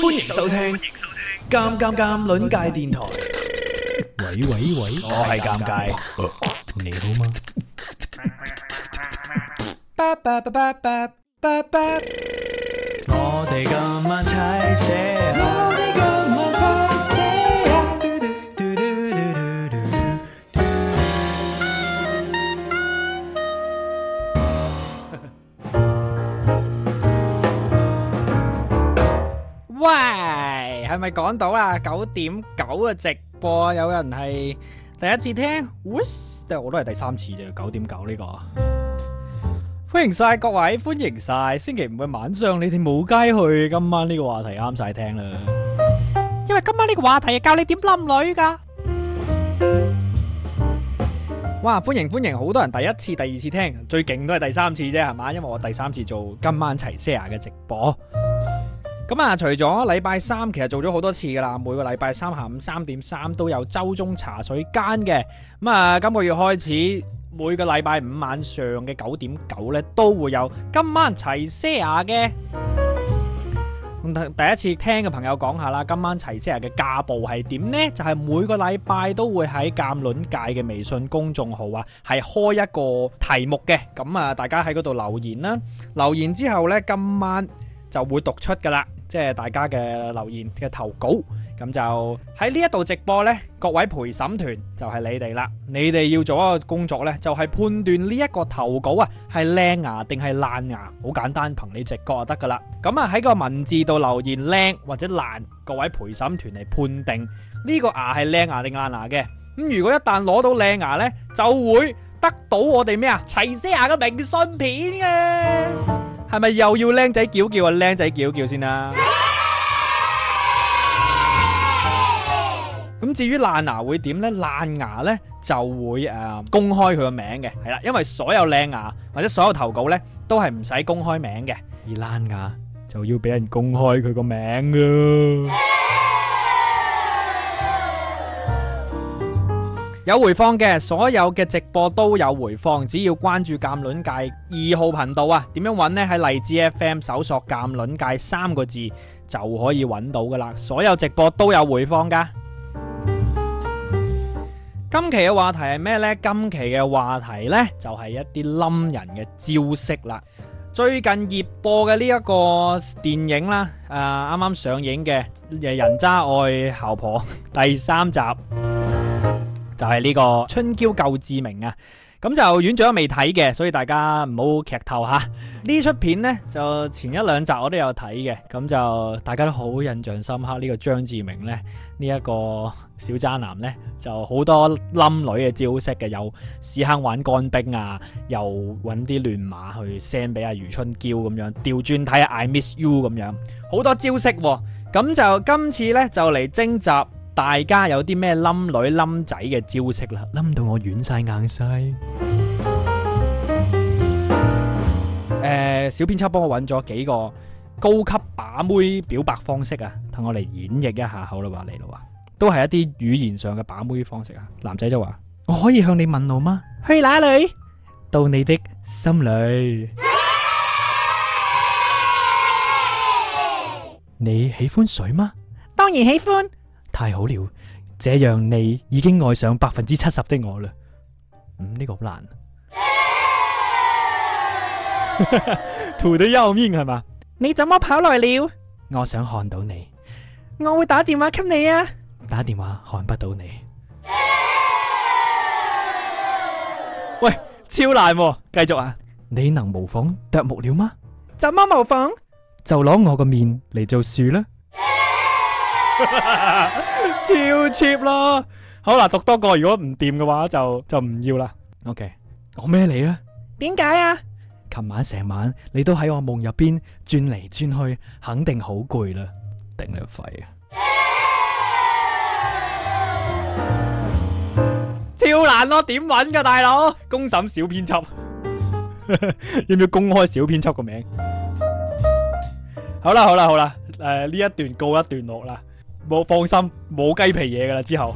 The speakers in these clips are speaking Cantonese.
歡迎收聽《尷尷尷》輪界電台。喂喂喂，我係尷尬，你好嗎？我哋今晚踩寫。喂，係咪講到啊？九點九嘅直播，有人係第一次聽，但係我都係第三次啫。九點九呢個歡迎晒各位，歡迎晒星期五嘅晚上，你哋冇街去，今晚呢個話題啱晒聽啦。因為今晚呢個話題係教你點冧女噶。哇，歡迎歡迎，好多人第一次、第二次聽，最勁都係第三次啫，係嘛？因為我第三次做今晚齊 share 嘅直播。咁啊、嗯，除咗禮拜三，其實做咗好多次噶啦，每個禮拜三下午三點三都有周中茶水間嘅。咁、嗯、啊、嗯，今個月開始，每個禮拜五晚上嘅九點九咧都會有今晚齊 share 嘅。第一次聽嘅朋友講下啦，今晚齊 share 嘅架步係點呢？就係、是、每個禮拜都會喺鑑論界嘅微信公眾號啊，係開一個題目嘅。咁、嗯、啊、嗯，大家喺嗰度留言啦，留言之後呢，今晚就會讀出噶啦。即係大家嘅留言嘅投稿，咁就喺呢一度直播呢。各位陪審團就係你哋啦，你哋要做一個工作呢，就係、是、判斷呢一個投稿啊係靚牙定係爛牙。好簡單，憑你直覺就得噶啦。咁啊喺個文字度留言靚或者爛，各位陪審團嚟判定呢個牙係靚牙定爛牙嘅。咁如果一旦攞到靚牙呢，就會得到我哋咩啊齊西牙嘅明信片啊！係咪又要靚仔叫叫啊？靚仔叫叫先啦。咁至於爛牙會點咧？爛牙咧就會誒公開佢個名嘅，係啦，因為所有靚牙或者所有投稿咧都係唔使公開名嘅。而爛牙就要俾人公開佢個名㗎。有回放嘅，所有嘅直播都有回放，只要關注鑒論界二號頻道啊，點樣揾呢？喺荔枝 FM 搜索鑒論界三個字就可以揾到噶啦，所有直播都有回放噶。今期嘅話題係咩呢？今期嘅話題呢，就係、是、一啲冧人嘅招式啦。最近熱播嘅呢一個電影啦、啊，誒啱啱上映嘅《人渣愛姣婆》第三集。就係呢、這個春嬌救志明啊，咁就院長未睇嘅，所以大家唔好劇透吓。呢出片呢，就前一兩集我都有睇嘅，咁就大家都好印象深刻。呢、這個張志明呢。呢、這、一個小渣男呢，就好多冧女嘅招式嘅，又屎坑玩乾冰啊，又搵啲亂馬去 send 俾阿余春嬌咁樣，調轉睇下 I miss you 咁樣，好多招式、啊。咁就今次呢，就嚟征集。大家有啲咩冧女冧仔嘅招式啦？冧到我軟晒硬晒。誒，小編輯幫我揾咗幾個高級把妹表白方式啊，同我嚟演繹一下好啦吧，嚟啦吧，都係一啲語言上嘅把妹方式啊。男仔就話：我可以向你問路嗎？去哪裏？到你的心裏。你喜歡水嗎？當然喜歡。太好了，這樣你已經愛上百分之七十的我啦。嗯，呢、這個好難。圖到右邊係嘛？你怎麼跑來了？我想看到你，我會打電話給你啊。打電話看不到你。 喂，超難喎，啊，繼續啊！你能模仿啄木鳥嗎？怎麼模仿？就攞我個面嚟做樹啦。超 cheap 咯，好啦，讀多個，如果唔掂嘅話就就唔要啦。OK，我咩你啊？點解啊？琴晚成晚你都喺我夢入邊轉嚟轉去，肯定好攰啦，頂你個肺啊！超難咯，點搵㗎大佬？公審小編輯，要唔要公開小編輯個名？好啦，好啦，好啦，誒，呢一段告一段落啦。冇放心，冇雞皮嘢㗎喇！之後，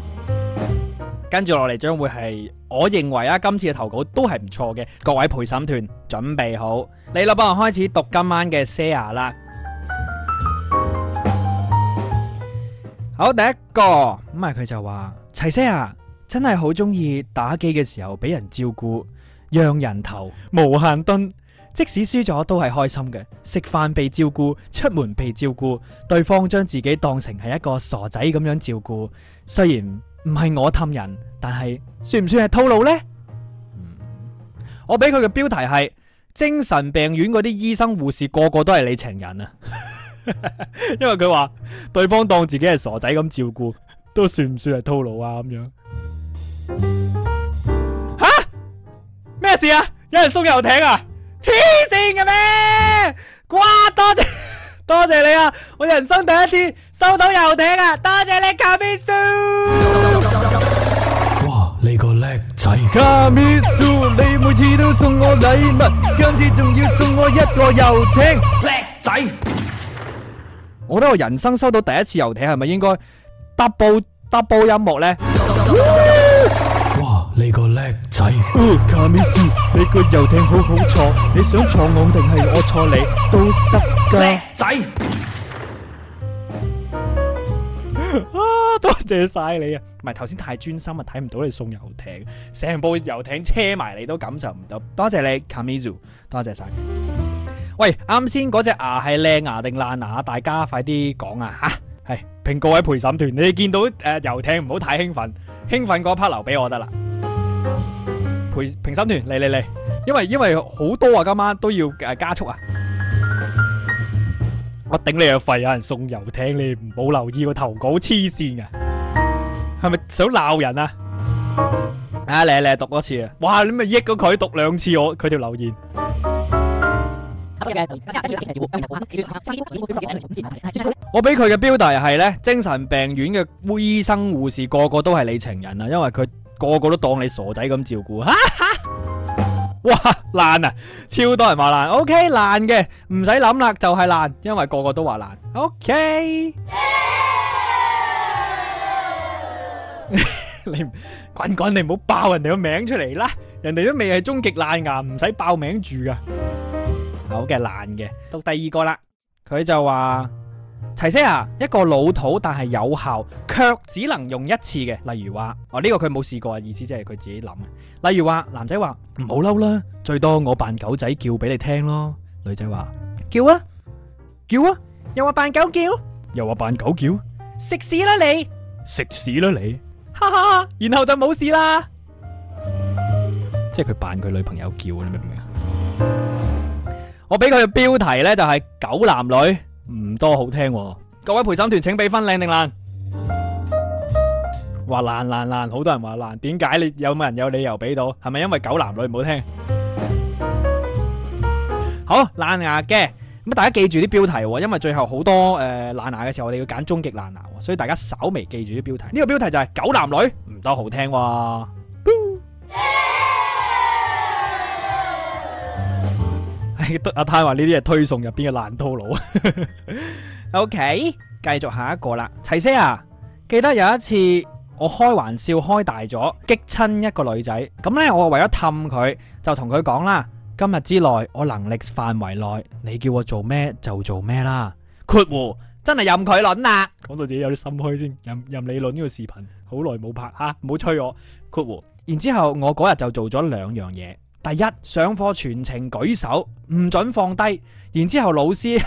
跟住落嚟將會係，我認為啊，今次嘅投稿都係唔錯嘅。各位陪審團，準備好，李立邦開始讀今晚嘅 Share 啦。好，第一個咁啊，佢就話：齊 Sir 真係好中意打機嘅時候俾人照顧，讓人頭無限蹲。即使輸咗都係開心嘅，食飯被照顧，出門被照顧，對方將自己當成係一個傻仔咁樣照顧。雖然唔係我氹人，但係算唔算係套路呢？嗯、我俾佢嘅標題係精神病院嗰啲醫生護士個個都係你情人啊！ 因為佢話對方當自己係傻仔咁照顧，都算唔算係套路啊？咁樣？吓？咩、啊、事啊？有人送遊艇啊！黐線嘅咩？哇，多謝多謝你啊！我人生第一次收到遊艇啊！多謝你，Kamisu。哇，你個叻仔！Kamisu，你每次都送我禮物，今次仲要送我一個遊艇，叻仔！我覺得我人生收到第一次遊艇係咪應該 double double 音樂咧？.哦，Camisoo，你個遊艇好好坐，你想坐我定係我坐你都得噶。靚仔，啊，多謝晒你啊，唔係頭先太專心啊，睇唔到你送遊艇，成部遊艇車埋你都感受唔到，多謝你 Camisoo，多謝晒。喂，啱先嗰隻牙係靚牙定爛牙？大家快啲講啊吓，係評各位陪審團，你見到誒遊艇唔好太興奮，興奮嗰 part 留俾我得啦。陪評審團嚟嚟嚟，因為因為好多啊，今晚都要誒加速啊！我頂你個肺，有人送遊艇你唔好留意個投稿黐線啊，係咪想鬧人啊？啊你嚟讀多次啊！哇，你咪益過佢讀兩次我佢條留言。我俾佢嘅標題係咧，精神病院嘅醫生護士個個都係你情人啊，因為佢。個個都當你傻仔咁照顧，哈哈，哇爛啊，超多人話爛，O K 爛嘅唔使諗啦，就係爛，因為個個都話爛。O K，你滾滾你唔好爆人哋個名出嚟啦，人哋都未係終極爛牙，唔使爆名住噶。好嘅，爛嘅讀第二個啦，佢就話。齊聲啊！一個老土但係有效，卻只能用一次嘅，例如話，哦呢個佢冇試過，意思即係佢自己諗嘅。例如話，男仔話唔好嬲啦，最多我扮狗仔叫俾你聽咯。女仔話叫啊，叫啊，又話扮狗叫，又話扮狗叫，食屎啦你，食屎啦你，哈哈哈，然後就冇事啦。即係佢扮佢女朋友叫，你明唔明啊？我俾佢嘅標題呢就係狗男女。唔多好聽喎，各位陪審團請俾分靚定爛，話爛爛爛，好多人話爛，點解你有冇人有理由俾到？係咪因為狗男女唔好聽？好，爛牙嘅，咁啊大家記住啲標題，因為最後好多誒爛牙嘅時候，我哋要揀終極爛牙，所以大家稍微記住啲標題。呢個標題就係狗男女，唔多好聽喎。阿太話呢啲係推送入邊嘅爛套路。OK，繼續下一個啦。齊星啊！記得有一次我開玩笑開大咗，激親一個女仔。咁呢，我為咗氹佢，就同佢講啦：今日之內，我能力範圍內，你叫我做咩就做咩啦。括弧真係任佢攣啊。講到自己有啲心虛先，任任你攣，呢個視頻，好耐冇拍啊，唔好催我括弧，嗯。然之後我嗰日就做咗兩樣嘢。第一，上課全程舉手，唔准放低，然之後老師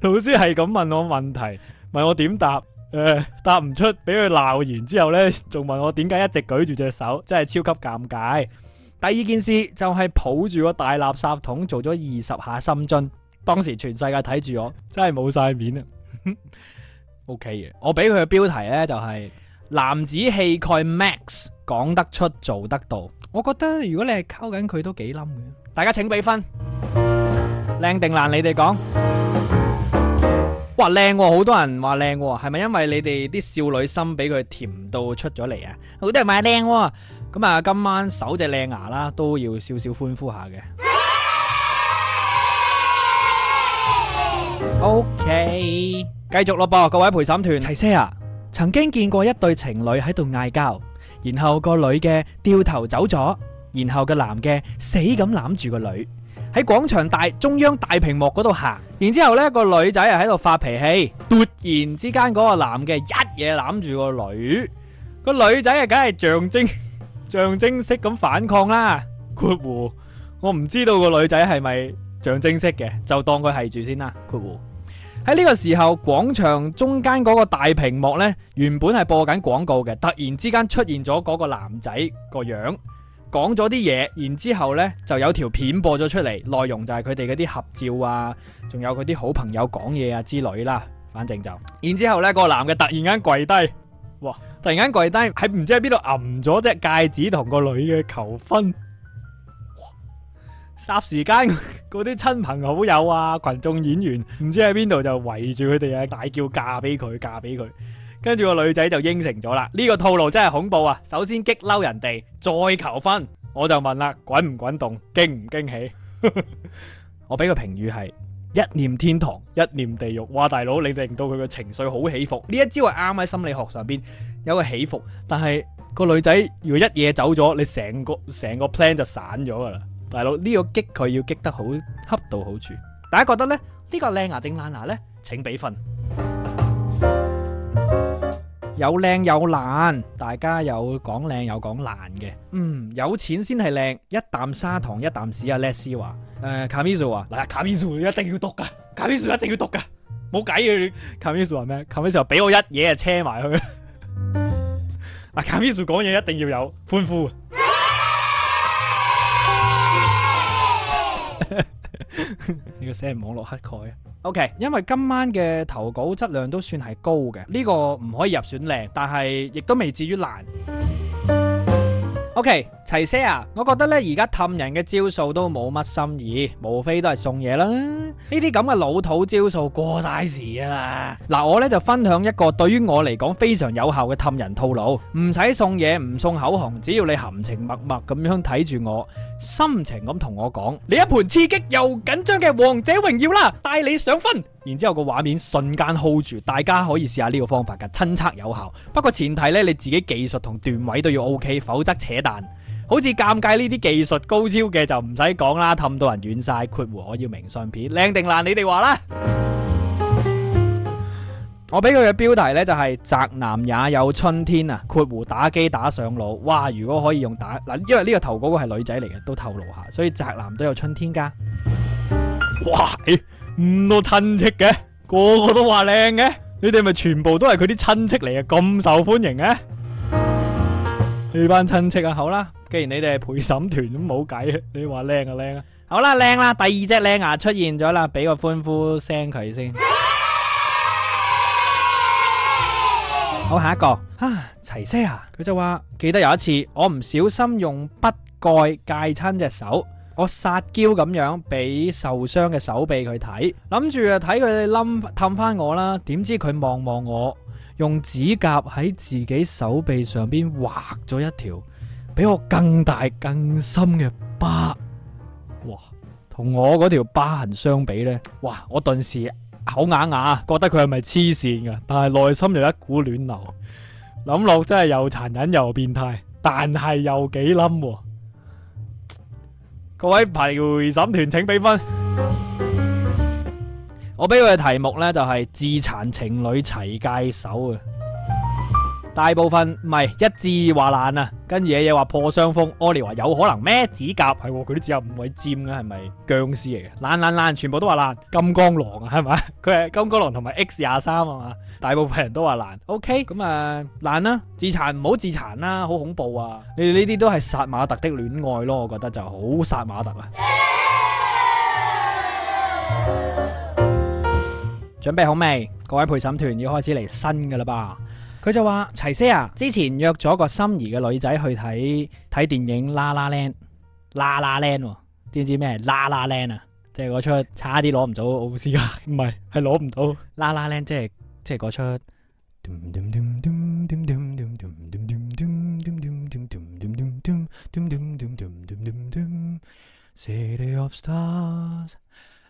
老師係咁問我問題，問我點答，誒、呃、答唔出，俾佢鬧，然之後呢，仲問我點解一直舉住隻手，真係超級尷尬。第二件事就係、是、抱住個大垃圾桶做咗二十下深蹲，當時全世界睇住我，真係冇晒面啊。O K 嘅，我俾佢嘅標題呢，就是，就係男子氣概 Max，講得出做得到。我覺得如果你係溝緊佢都幾冧嘅，大家請俾分靚定爛，你哋講，哇靚，好多人話靚喎，係咪因為你哋啲少女心俾佢甜到出咗嚟啊？好多人話靚喎，咁啊今晚手隻靚牙啦，都要少少歡呼下嘅。O K，繼續咯噃，各位陪審團齊車啊！曾經見過一對情侶喺度嗌交。然後個女嘅掉頭走咗，然後個男嘅死咁攬住個女，喺廣場大中央大屏幕嗰度行，然之後呢個女仔又喺度發脾氣，突然之間嗰個男嘅一嘢攬住個女，個女仔啊梗係象徵象徵式咁反抗啦。括弧，我唔知道個女仔係咪象徵式嘅，就當佢係住先啦。括弧。喺呢個時候，廣場中間嗰個大屏幕呢，原本係播緊廣告嘅，突然之間出現咗嗰個男仔個樣，講咗啲嘢，然之後呢就有條片播咗出嚟，內容就係佢哋嗰啲合照啊，仲有佢啲好朋友講嘢啊之類啦，反正就，然之後呢，個男嘅突然間跪低，哇，突然間跪低喺唔知喺邊度揞咗隻戒指同個女嘅求婚。霎時間，嗰啲親朋好友啊、群眾演員唔知喺邊度就圍住佢哋啊，大叫嫁俾佢，嫁俾佢。跟住個女仔就應承咗啦。呢個套路真係恐怖啊！首先激嬲人哋，再求婚，我就問啦，滾唔滾動，驚唔驚喜？ 我俾個評語係一念天堂，一念地獄。哇，大佬，你令到佢嘅情緒好起伏，呢一招係啱喺心理學上邊有個起伏。但係個女仔如果一夜走咗，你成個成個 plan 就散咗噶啦。大佬呢個激佢要激得好恰到好處，大家覺得咧呢個靚牙定爛牙咧？請俾份有靚有爛，大家有講靚有講爛嘅。嗯，有錢先係靚，一啖砂糖一啖屎啊！Leslie 話，誒，卡米蘇話，嗱，卡米蘇一定要讀噶，卡米蘇一定要讀噶，冇計嘅。卡米蘇話咩？卡米蘇俾我一嘢啊，車埋去。啊，卡米蘇講嘢一定要有歡呼。呢個死人網絡乞丐啊。OK，因為今晚嘅投稿質量都算係高嘅，呢個唔可以入選靚，但係亦都未至於爛。OK，齊 Sir 啊，我覺得呢而家氹人嘅招數都冇乜新意，無非都係送嘢啦。呢啲咁嘅老土招數過晒時啦。嗱，我呢就分享一個對於我嚟講非常有效嘅氹人套路，唔使送嘢，唔送口紅，只要你含情脈脈咁樣睇住我。心情咁同我講：你一盤刺激又緊張嘅王者榮耀啦，帶你上分。然之後個畫面瞬間 hold 住，大家可以試下呢個方法嘅，親測有效。不過前提呢，你自己技術同段位都要 OK，否則扯淡。好似尷尬呢啲技術高超嘅就唔使講啦，氹到人軟晒括弧，我要明信片，靚定爛你哋話啦。我俾佢嘅標題呢、就是，就係《宅男也有春天》啊，括弧打機打上腦。哇，如果可以用打嗱，因為呢個頭嗰個係女仔嚟嘅，都透露下，所以宅男都有春天噶。哇，咁、欸、多親戚嘅，個個都話靚嘅，你哋咪全部都係佢啲親戚嚟嘅，咁受歡迎嘅？你班親戚啊，好啦，既然你哋係陪審團都冇計，你話靚啊靚啊，好啦靚啦，第二隻靚牙出現咗啦，俾個歡呼聲佢先。好，下一個啊齊 Sir 啊，佢、啊、就話，記得有一次我唔小心用筆蓋界親隻手，我撒嬌咁樣俾受傷嘅手臂佢睇，諗住啊睇佢冧氹返我啦，點知佢望望我，用指甲喺自己手臂上邊畫咗一條比我更大更深嘅疤，哇，同我嗰條疤痕相比呢，哇，我頓時。好硬硬，覺得佢係咪黐線噶？但係內心又一股暖流，諗落真係又殘忍又變態，但係又幾冧喎。各位陪審團，請俾分。我俾佢嘅題目呢，就係自殘情侶齊戒手啊！大部分唔係一致話爛啊，跟住嘢嘢話破傷風，我哋話有可能咩指甲係喎？佢啲、哦、指甲唔會尖嘅係咪？僵屍嚟嘅爛爛爛，全部都話爛。金剛狼啊，係咪？佢係金剛狼同埋 X 廿三啊嘛。大部分人都話爛。OK，咁、嗯、啊爛啦，自殘唔好自殘啦、啊，好恐怖啊！你哋呢啲都係殺馬特的戀愛咯，我覺得就好殺馬特啊。Yeah! 準備好未？各位陪審團要開始嚟新㗎啦吧。佢就話齊 Sir 啊，之前約咗個心儀嘅女仔去睇睇電影 La La Land，La La Land，知唔知咩？La La Land 啊，即係嗰出差啲攞唔到奧斯卡。唔係，係攞唔到 La La Land，即係即係嗰出。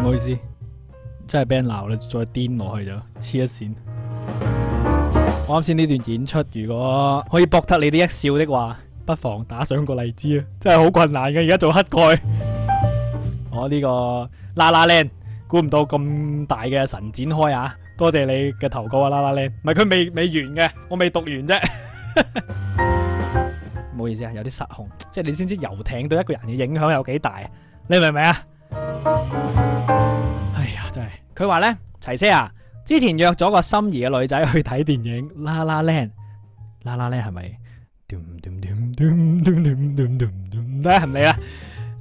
唔好意思，真係俾人鬧啦，再癲落去就，黐一線。我啱先呢段演出，如果可以博得你啲一笑的話，不妨打賞個荔枝啊！真係好困難嘅，而家做乞丐。我呢個啦啦靚，估唔到咁大嘅神展開啊！多謝你嘅投稿啊，啦啦靚，唔係佢未未完嘅，我未讀完啫，唔好意思啊，有啲失控，即係你先知遊艇對一個人嘅影響有幾大啊？你明唔明啊？哎呀，真係，佢話咧，齊 Sir 啊，之前約咗個心儀嘅女仔去睇電影，啦啦靚，啦啦靚係咪？唻，係咪啊？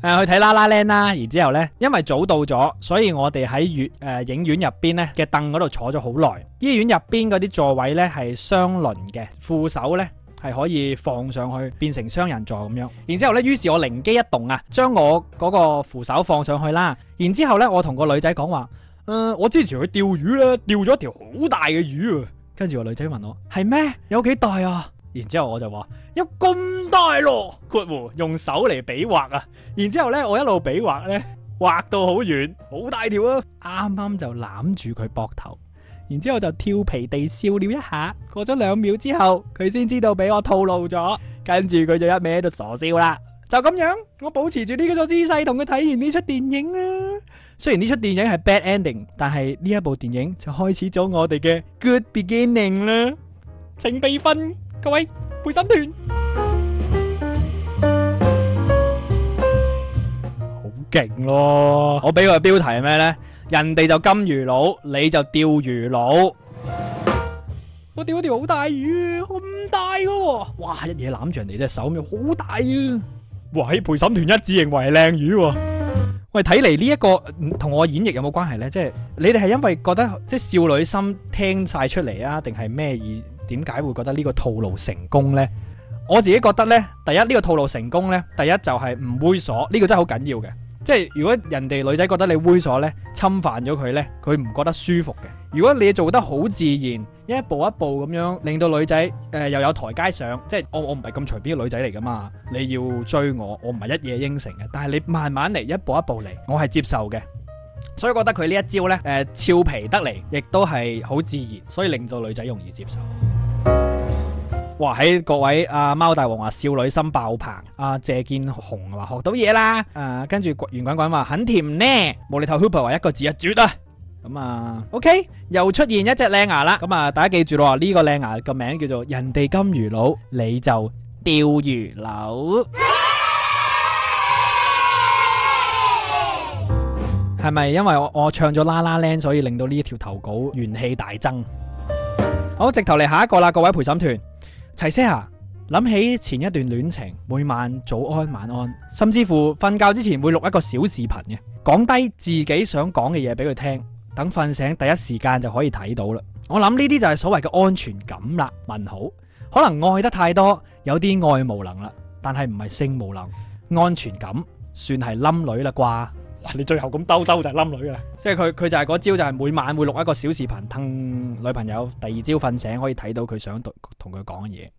誒，去睇啦啦靚啦，然之後呢，因為早到咗，所以我哋喺院誒影院入邊呢嘅凳嗰度坐咗好耐。醫院入邊嗰啲座位呢係雙輪嘅，扶手呢係可以放上去變成雙人座咁樣。然之後呢，於是我靈機一動啊，將我嗰個扶手放上去啦。然之後呢，我同個女仔講話：，嗯、呃、我之前去釣魚啦，釣咗一條好大嘅魚啊！跟住個女仔問我：係咩？有幾大啊？然之後我就話有咁大咯，括弧用手嚟比劃啊！然之後呢，我一路比劃呢，劃到好遠，好大條啊！啱啱就攬住佢膊頭，然之後就調皮地笑了一下。過咗兩秒之後，佢先知道俾我套路咗，跟住佢就一味喺度傻笑啦。就咁樣，我保持住呢個姿勢同佢睇完呢出電影啊。雖然呢出電影係 bad ending，但係呢一部電影就開始咗我哋嘅 good beginning 啦。請備份。各位陪審團，好勁咯！我俾個標題係咩咧？人哋就金魚佬，你就釣魚佬。我釣咗一條好大魚，咁大嘅，哇！一嘢攬住人哋隻手咁樣，好大啊！哇！喺陪審團一致認為係靚魚喎。喂，睇嚟呢一個同我演繹有冇關係咧？即係你哋係因為覺得即係少女心聽晒出嚟啊？定係咩意？點解會覺得呢個套路成功咧？我自己覺得咧，第一呢個套路成功咧，第一就係唔猥瑣，呢個真係好緊要嘅。即係如果人哋女仔覺得你猥瑣咧，侵犯咗佢咧，佢唔覺得舒服嘅。如果你做得好自然，一步一步咁樣令到女仔誒又有台階上，即係我我唔係咁隨便嘅女仔嚟噶嘛你要追我，我唔係一嘢應承嘅。但係你慢慢嚟，一步一步嚟，我係接受嘅。所以覺得佢呢一招咧，誒俏皮得嚟，亦都係好自然，所以令到女仔容易接受。哇！喺各位啊，貓大王話少女心爆棚，阿、啊、謝建雄話學到嘢啦，誒、啊，跟住圓滾滾話很甜呢，無厘頭 Hopper 話一個字一絕啊，咁啊，OK，又出現一隻靚牙啦，咁啊，大家記住咯，呢、這個靚牙個名叫做人哋金魚佬，你就釣魚佬，係咪、啊、因為我我唱咗啦啦鈴，所以令到呢條投稿元氣大增？好，直頭嚟下一個啦，各位陪審團齊 Sir 啊，諗起前一段戀情，每晚早安、晚安，甚至乎瞓覺之前會錄一個小視頻嘅，講低自己想講嘅嘢俾佢聽，等瞓醒第一時間就可以睇到啦。我諗呢啲就係所謂嘅安全感啦。問好，可能愛得太多，有啲愛無能啦，但係唔係性無能，安全感算係冧女啦啩。你最後咁兜兜就係冧女啦，即係佢，佢就係嗰招就係每晚會錄一個小視頻，氹女朋友。第二朝瞓醒可以睇到佢想讀同佢講嘅嘢。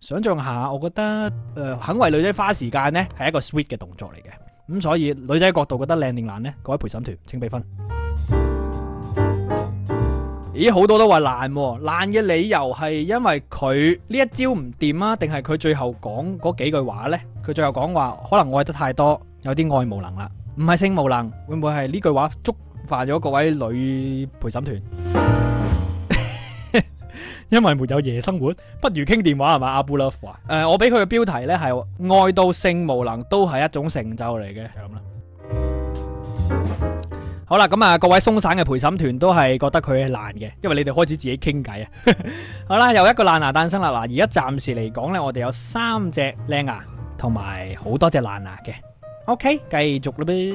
想象下，我覺得誒、呃、肯為女仔花時間呢係一個 sweet 嘅動作嚟嘅。咁所以女仔角度覺得靚定難呢？各位陪審團，請俾分。咦，好多都話難喎、啊。難嘅理由係因為佢呢一招唔掂啊，定係佢最後講嗰幾句話呢？佢最後講話可能愛得太多，有啲愛無能啦。唔係性無能，會唔會係呢句話觸犯咗各位女陪審團？ 因為沒有夜生活，不如傾電話係嘛？阿布拉夫啊，誒、呃，我俾佢嘅標題呢係愛到性無能都係一種成就嚟嘅。咁啦。好啦，咁啊，各位鬆散嘅陪審團都係覺得佢係爛嘅，因為你哋開始自己傾偈啊。 好啦，又一個爛牙誕生啦。嗱，而家暫時嚟講呢，我哋有三隻靚牙同埋好多隻爛牙嘅。O K，繼續啦，咩？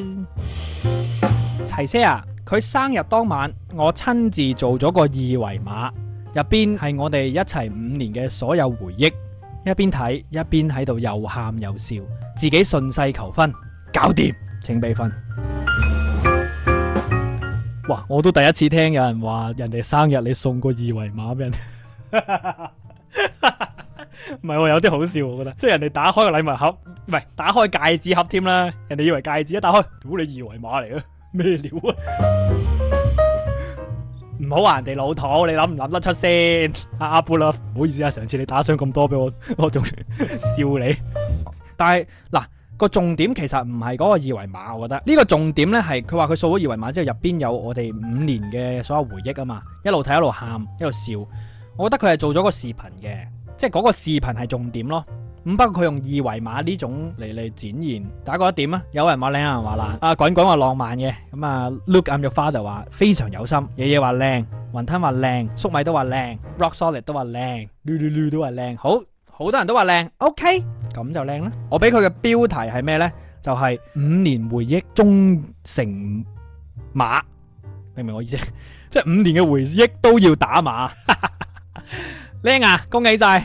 齊 Sir，佢生日當晚，我親自做咗個二維碼，入邊係我哋一齊五年嘅所有回憶，一邊睇一邊喺度又喊又笑，自己順勢求婚，搞掂定，請畀分。哇，我都第一次聽有人話人哋生日你送個二維碼俾人。 唔係，我有啲好笑，我覺得即係人哋打開個禮物盒，唔係打開戒指盒添啦。人哋以為戒指一打開，如、哦、你二維碼嚟啊，咩料啊？唔好話人哋老土，你諗唔諗得出先？阿阿啦，唔好意思啊，上次你打賞咁多俾我，我仲笑你。 但係嗱個重點其實唔係嗰個二維碼，我覺得呢、呢個重點咧係佢話佢掃咗二維碼之後，入邊有我哋五年嘅所有回憶啊嘛，一路睇一路喊一路笑，我覺得佢係做咗個視頻嘅。即係嗰個視頻係重點咯，咁不過佢用二維碼呢種嚟嚟展現，大家覺得點啊？有人話靚，有人話爛，啊滾滾話浪漫嘅，咁啊 Look，I'm your father 話非常有心，爺爺話靚，雲吞話靚，粟米都話靚，Rock Solid 都話靚，嚕嚕嚕都話靚，好好多人都話靚，OK，咁就靚啦。我俾佢嘅標題係咩呢？就係、是、五年回憶終成馬，明唔明我意思？即係五年嘅回憶都要打馬。 靚啊，恭喜晒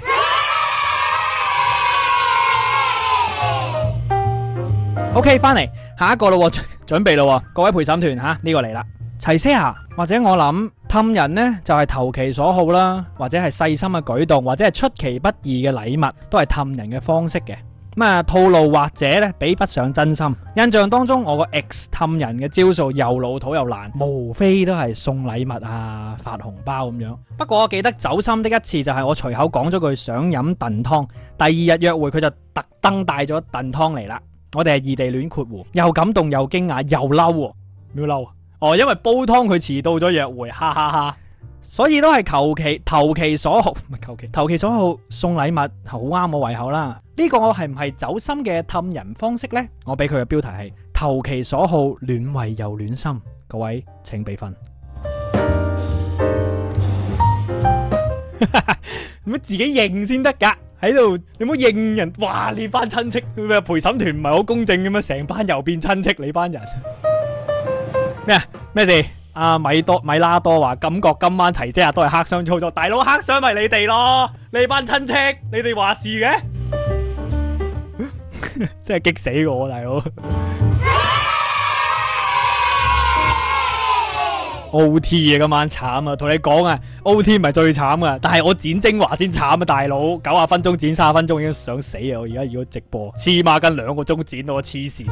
！O K，翻嚟下一個咯，準備咯，各位陪審團吓，呢個嚟啦，齊思霞，或者我諗氹人呢，就係投其所好啦，或者係細心嘅舉動，或者係出其不意嘅禮物，都係氹人嘅方式嘅。咁啊，套路或者咧比不上真心。印象當中，我個 X 氹人嘅招數又老土又難，無非都係送禮物啊、發紅包咁樣。不過我記得走心的一次就係我隨口講咗句想飲燉湯，第二日約會佢就特登帶咗燉湯嚟啦。我哋係異地戀括弧，又感動又驚訝又嬲喎，唔要嬲哦，因為煲湯佢遲到咗約會，哈哈哈。所以都係求其投其所好，唔係求其投其所好送禮物好啱我胃口啦。呢、這個我係唔係走心嘅氹人方式呢？我俾佢嘅標題係投其所好，暖胃又暖心。各位請俾分，點 自己認先得噶？喺度你有冇認人？哇！你班親戚，陪審團唔係好公正嘅咩？成班又變親戚，你班人咩咩 事？阿、啊、米多米拉多話感覺今晚齊姐也都係黑箱操作，大佬黑箱咪你哋咯，呢班親戚，你哋話事嘅， 真係激死我大佬。耶 OT 啊，今晚慘啊，同你講啊，OT 唔係最慘啊，但係我剪精華先慘啊，大佬九十分鐘剪三十分鐘已經想死啊，我而家要直播，黐孖跟兩個鐘剪到我黐線。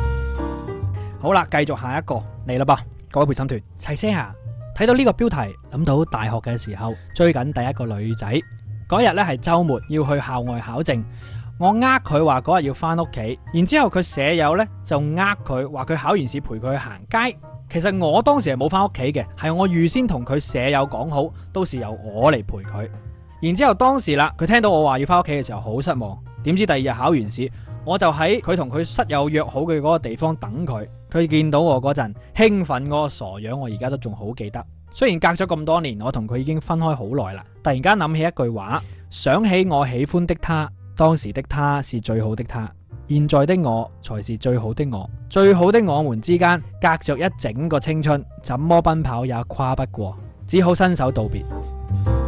好啦，繼續下一個嚟啦吧。各位陪審團，齊聲啊！睇到呢個標題，諗到大學嘅時候追緊第一個女仔。嗰日咧係周末，要去校外考證，我呃佢話嗰日要翻屋企，然之後佢舍友呢就呃佢話佢考完試陪佢去行街。其實我當時係冇翻屋企嘅，係我預先同佢舍友講好，到時由我嚟陪佢。然之後當時啦，佢聽到我話要翻屋企嘅時候，好失望。點知第二日考完試。我就喺佢同佢室友約好嘅嗰個地方等佢，佢見到我嗰陣興奮嗰個傻樣，我而家都仲好記得。雖然隔咗咁多年，我同佢已經分開好耐啦。突然間諗起一句話，想起我喜歡的他，當時的他是最好的他，現在的我才是最好的我。最好的我們之間，隔着一整個青春，怎麼奔跑也跨不過，只好伸手道別。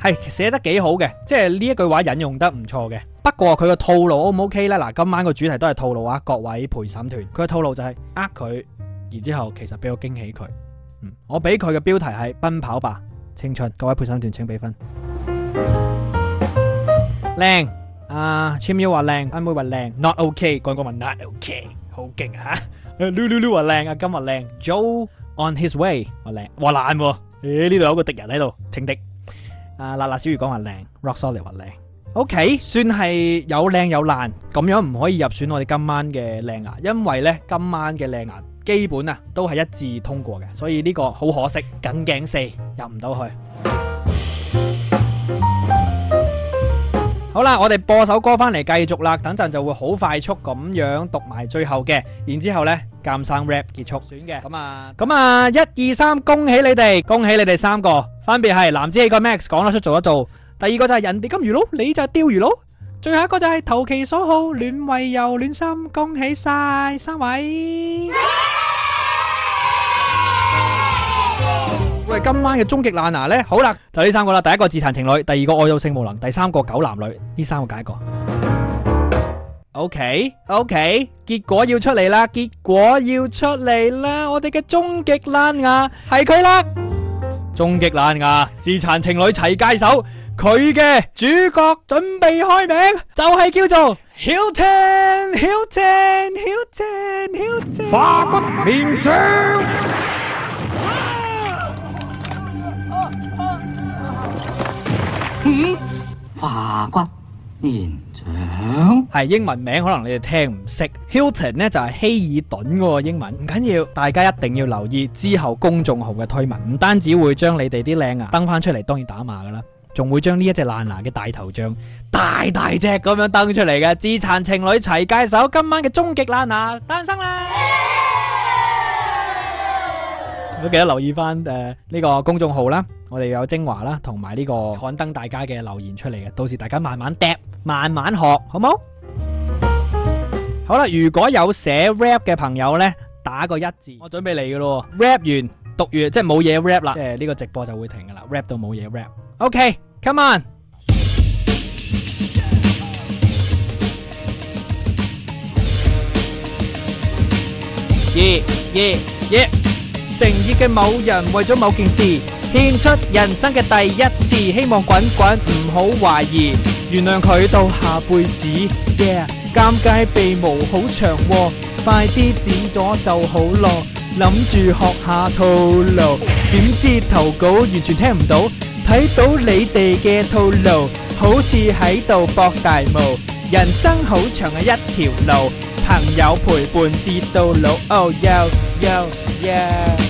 係寫得幾好嘅，即係呢一句話引用得唔錯嘅。不過佢個套路 O 唔 OK 呢？嗱，今晚個主題都係套路啊，各位陪審團。佢個套路就係呃佢，然之後其實俾個驚喜佢。嗯，我俾佢嘅標題係《奔跑吧青春》，各位陪審團請俾分。靚啊，先要話靚，啱要話靚，Not OK，乖乖話 Not OK，好勁吓。嚕嚕嚕話靚啊，今日靚，Joe on his way 話靚，話爛喎。誒，呢度有個敵人喺度，情敵。啊！嗱嗱小魚講話靚，Rock Solid 話靚，OK，算係有靚有爛，咁樣唔可以入選我哋今晚嘅靚牙，因為呢，今晚嘅靚牙基本啊都係一致通過嘅，所以呢個好可惜，緊頸四入唔到去。好啦，我哋播首歌翻嚟繼續啦，等陣就會好快速咁樣讀埋最後嘅，然之後呢監生 rap 結束，選嘅咁啊，咁啊一二三，恭喜你哋，恭喜你哋三個，分別係男子氣個 Max 講得出做得做；第二個就係人哋金魚佬，你就係釣魚佬，最後一個就係、是、投其所好，暖胃又暖心，恭喜晒三位。 我哋今晚嘅終極爛牙咧，好啦，就呢三個啦，第一個自殘情侶，第二個愛到性無能，第三個狗男女，呢三個揀一個。O K O K，結果要出嚟啦，結果要出嚟啦，我哋嘅終極爛牙係佢啦。終極爛牙，自殘情侶齊街手，佢嘅主角準備開名，就係叫做 Hilton，Hilton，Hilton，Hilton，花骨面張。嗯，華軍連長係英文名，可能你哋聽唔識。Hilton 呢就係希爾頓喎，英文唔緊要，大家一定要留意之後公眾號嘅推文，唔單止會將你哋啲靚牙登翻出嚟，當然打碼噶啦，仲會將呢一隻爛牙嘅大頭像大大隻咁樣登出嚟嘅，自殘情侶齊介手，今晚嘅終極爛牙誕生啦！都記得留意返誒呢個公眾號啦，我哋有精華啦，同埋呢個刊登大家嘅留言出嚟嘅，到時大家慢慢揼，慢慢學，好冇？好啦，如果有寫 rap 嘅朋友呢，打個一字。我準備嚟噶咯，rap 完讀完即係冇嘢 rap 啦，即係呢個直播就會停噶啦，rap 到冇嘢 rap。OK，come on。Yeah，yeah，yeah。誠意嘅某人為咗某件事獻出人生嘅第一次，希望滾滾唔好懷疑，原諒佢到下輩子。y、yeah，尷尬鼻毛好長喎、哦，快啲剪咗就好咯。諗住學下套路，點知投稿完全聽唔到，睇到你哋嘅套路好似喺度博大霧。人生好長嘅一條路，朋友陪伴至到老。哦 yo yo yeah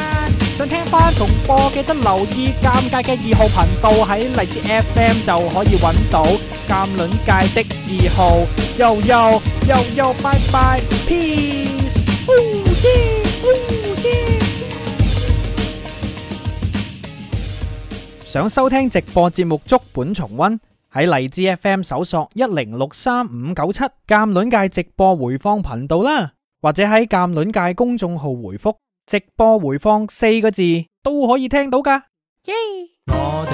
想聽返重播，記得留意鑒界嘅二號頻道喺荔枝 FM 就可以揾到鑒論界的二號。Yo yo yo yo，拜拜，Peace。想收聽直播節目足本重温，喺荔枝 FM 搜索一零六三五九七鑒論界直播回放頻道啦，或者喺鑒論界公眾號回覆。直播回放四個字都可以聽到噶。Yay! 我